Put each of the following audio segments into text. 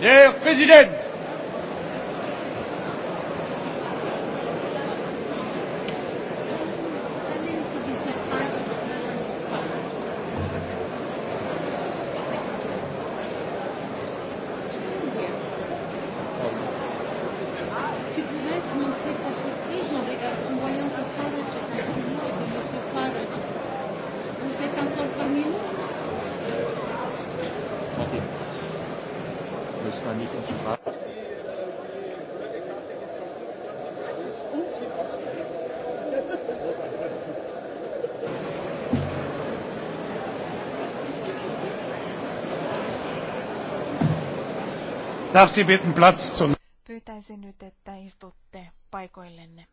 Herr Präsident! das war nicht uns streiten. Darf Sie bitten Platz zu Pyytäisin nyt, että istutte paikoillenne.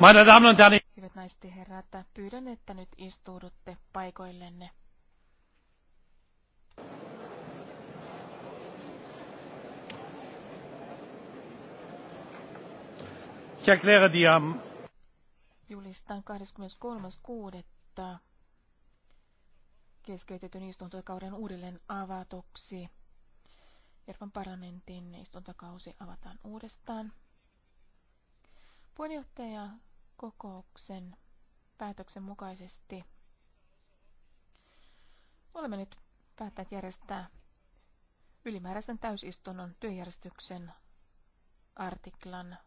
Meine Damen und Herren. Hyvät naiset ja herrat, pyydän, että nyt istuudutte paikoillenne. Ich erkläre die am Julistan 23.6. keskeytetyn istuntokauden uudelleen avatuksi. Euroopan parlamentin istuntokausi avataan uudestaan. Puheenjohtaja kokouksen päätöksen mukaisesti olemme nyt päättäneet järjestää ylimääräisen täysistunnon työjärjestyksen artiklan